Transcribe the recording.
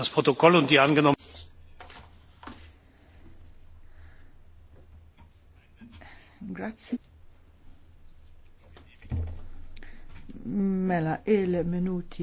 das protokoll und die angenommenen Grazie. Mela, il-minuti.